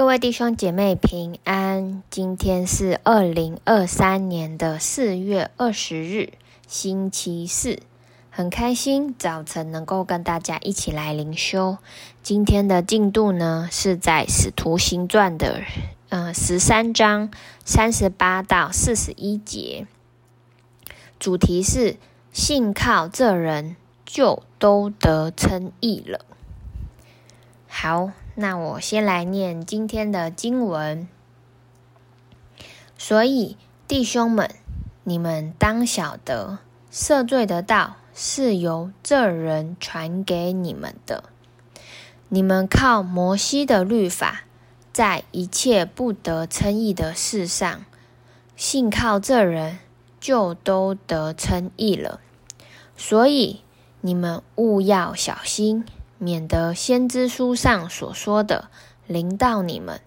各位弟兄姐妹平安，今天是二零二三年的四月二十日，星期四，很開心早晨能夠跟大家一起來靈修。今天的進度呢是在《使徒行傳》的嗯十三章三十八到四十一節，主題是信靠這人就都得稱義了。好。那我先來念今天的經文。所以，弟兄們，你們當曉得，赦罪的道是由這人傳給你們的。你們靠摩西的律法，在一切不得稱義的事上，信靠這人，就都得稱義了。所以，你們務要小心。免得先知書上所說的臨到你們，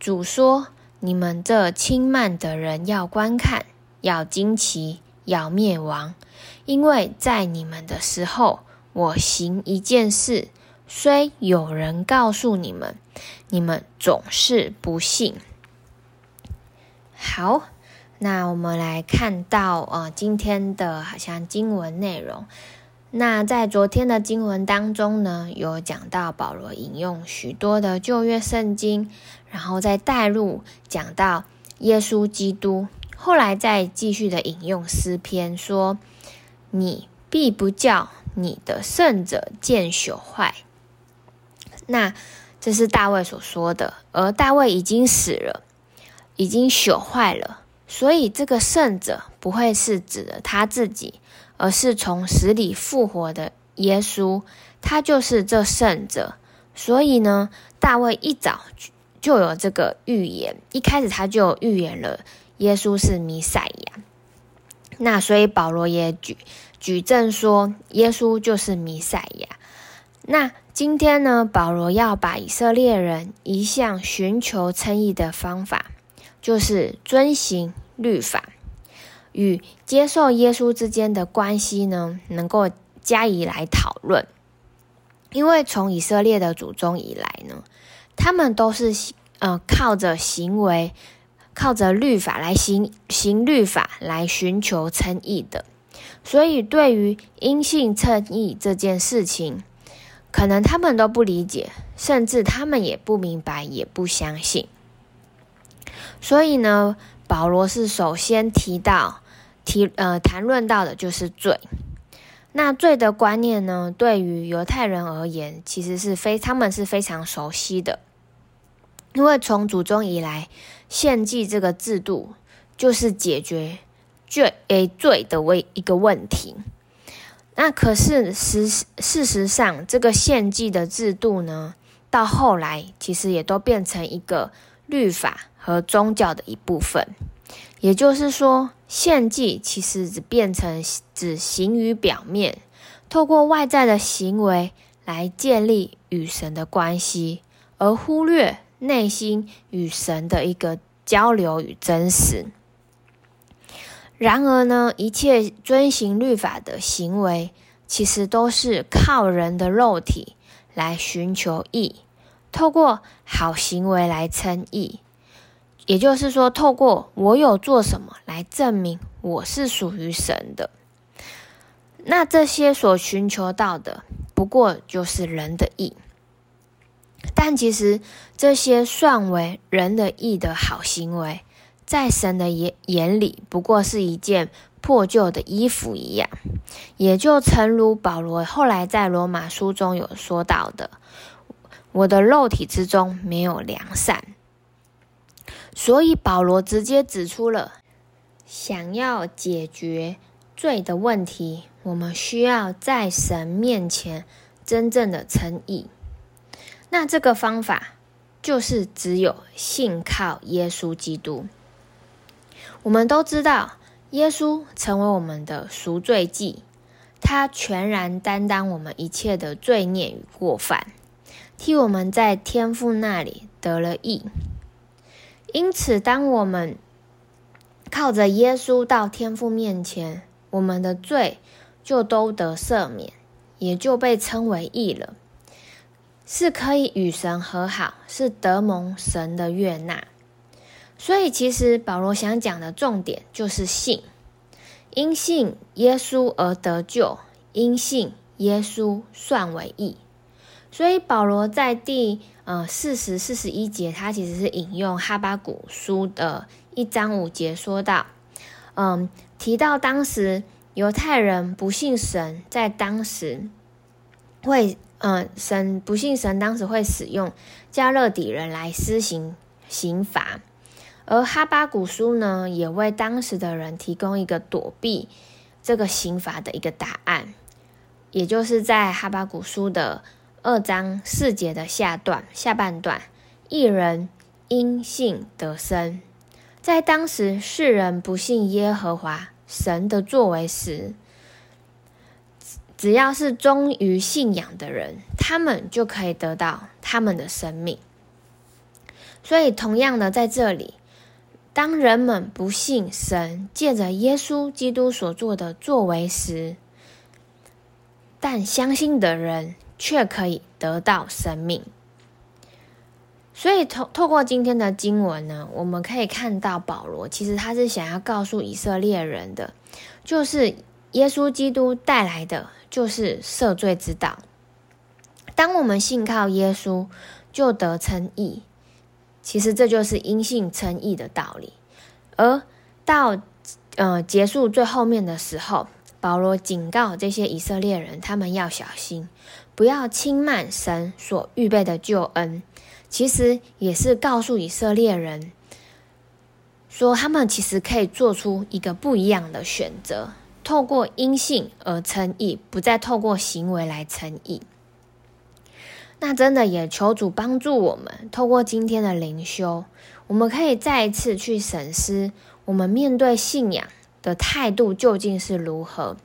主說：你們這輕慢的人要觀看，要驚奇，要滅亡，因為在你們的時候，我行一件事，雖有人告訴你們，你們總是不信。好，那我們來看到呃今天的好像經文內容。那在昨天的經文當中呢，有講到保羅引用許多的舊約聖經，然後再帶入講到耶穌基督，後來再繼續的引用詩篇，說：“你必不叫你的聖者見朽壞。”那這是大衛所說的，而大衛已經死了，已經朽壞了，所以這個聖者不會是指的他自己。而是從死裡復活的耶穌，他就是這聖者。所以呢，大衛一早就有這個預言，一開始他就預言了耶穌是彌賽亞。那所以保羅也舉舉證說，耶穌就是彌賽亞。那今天呢，保羅要把以色列人一向尋求稱義的方法，就是遵行律法。與接受耶穌之間的關係呢，能夠加以來討論，因為從以色列的祖宗以來呢，他們都是呃靠着行為，靠着律法來行行律法來尋求稱義的，所以對於因信稱義這件事情，可能他們都不理解，甚至他們也不明白，也不相信。所以呢，保羅是首先提到。提呃談論到的就是罪，那罪的觀念呢，對於猶太人而言，其實是非他們是非常熟悉的，因為從祖宗以來，獻祭這個制度就是解決罪誒、欸、罪的為一個問題。那可是實事實上，這個獻祭的制度呢，到後來其實也都變成一個律法和宗教的一部分，也就是說。獻祭其實只變成只行於表面，透過外在的行為來建立與神的關係，而忽略內心與神的一個交流與真實。然而呢，一切遵行律法的行為，其實都是靠人的肉體來尋求義，透過好行為來稱義。也就是說，透過我有做什麼來證明我是屬於神的，那這些所尋求到的，不過就是人的義。但其實這些算為人的義的好行為，在神的眼眼裡，不過是一件破舊的衣服一樣。也就誠如保羅後來在羅馬書中有說到的：“我的肉體之中沒有良善。”所以保羅直接指出了，想要解決罪的問題，我們需要在神面前真正的稱義。那這個方法就是只有信靠耶穌基督。我們都知道，耶穌成為我們的贖罪祭，他全然擔當我們一切的罪孽與過犯，替我們在天父那裡得了義。因此，當我們靠着耶穌到天父面前，我們的罪就都得赦免，也就被稱為義了。是可以與神和好，是得蒙神的悅納。所以，其實保羅想講的重點就是信，因信耶穌而得救，因信耶穌算為義。所以，保羅在第呃四十四十一節，他其實是引用哈巴谷書的一章五節說，說道，嗯，提到當時猶太人不信神，在當時會嗯、呃、神不信神，當時會使用迦勒底人來施行刑罰，而哈巴谷書呢，也為當時的人提供一個躲避這個刑罰的一個答案，也就是在哈巴谷書的。二章四節的下段下半段，義人因信得生。在當時世人不信耶和華神的作為時，只要是忠於信仰的人，他們就可以得到他們的生命。所以，同樣的，在這裡，當人們不信神，借着耶穌基督所做的作為時，但相信的人，卻可以得到生命，所以透透過今天的經文呢，我們可以看到保羅其實他是想要告訴以色列人的，就是耶穌基督帶來的就是赦罪之道。當我們信靠耶穌，就得稱義。其實這就是因信稱義的道理。而到嗯、呃、結束最後面的時候。保羅警告這些以色列人，他們要小心，不要輕慢神所預備的救恩。其實也是告訴以色列人，說他們其實可以做出一個不一樣的選擇，透過因信而稱義，不再透過行為來稱義。那真的也求主幫助我們，透過今天的靈修，我們可以再一次去省思，我們面對信仰，的態度究竟是如何？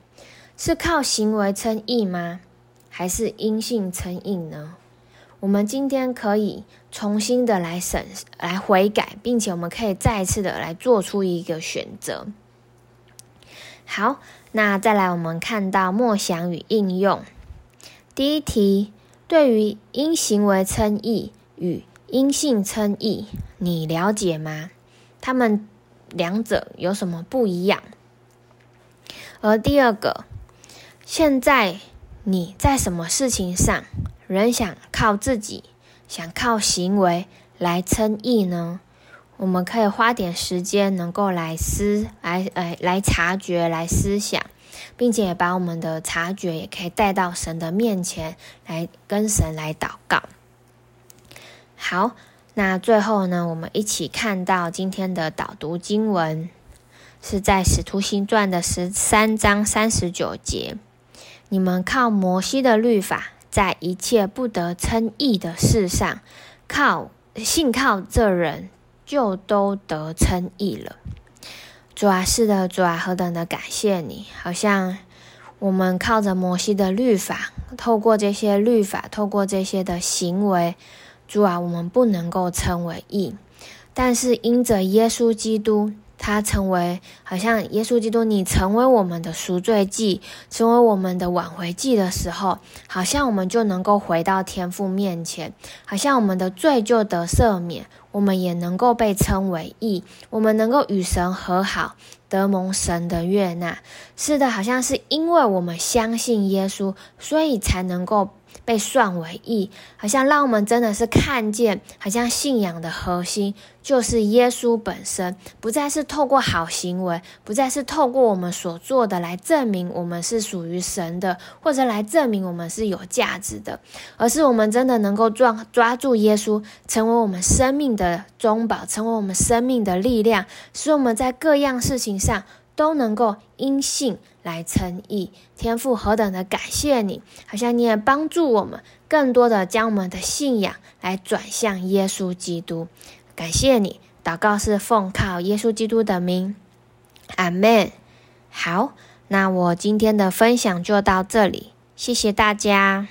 是靠行為稱義嗎？還是因信稱義呢？我們今天可以重新的來審、來悔改，並且我們可以再次的來做出一個選擇。好，那再來，我們看到默想與應用。第一題，對於因行為稱義與因信稱義，你了解嗎？他們。兩者有什麼不一樣？而第二個，現在你在什麼事情上，仍想靠自己，想靠行為來稱義呢？我們可以花點時間，能夠來思，來，哎，來察覺，來思想，並且把我們的察覺也可以帶到神的面前來，跟神來禱告。好。那最後呢，我們一起看到今天的導讀經文是在《使徒行傳》的十三章三十九節。你們靠摩西的律法，在一切不得稱義的事上，靠信靠這人，就都得稱義了。主啊，是的，主啊，何等的感謝你！好像我們靠着摩西的律法，透過這些律法，透過這些的行為。主啊，我們不能夠稱為義，但是因着耶穌基督，他成為好像耶穌基督，你成為我們的贖罪祭，成為我們的挽回祭的時候，好像我們就能夠回到天父面前，好像我們的罪就得赦免，我們也能夠被稱為義，我們能夠與神和好，得蒙神的悅納。是的，好像是因為我們相信耶穌，所以才能夠。被算為義，好像讓我們真的是看見，好像信仰的核心就是耶穌本身，不再是透過好行為，不再是透過我們所做的來證明我們是屬於神的，或者來證明我們是有價值的，而是我們真的能夠抓抓住耶穌，成為我們生命的中保，成為我們生命的力量，使我們在各樣事情上。都能夠因信來稱義，天父何等的感謝你！好像你也幫助我們，更多的將我們的信仰來轉向耶穌基督，感謝你。禱告是奉靠耶穌基督的名，阿們。好，那我今天的分享就到這裡，謝謝大家。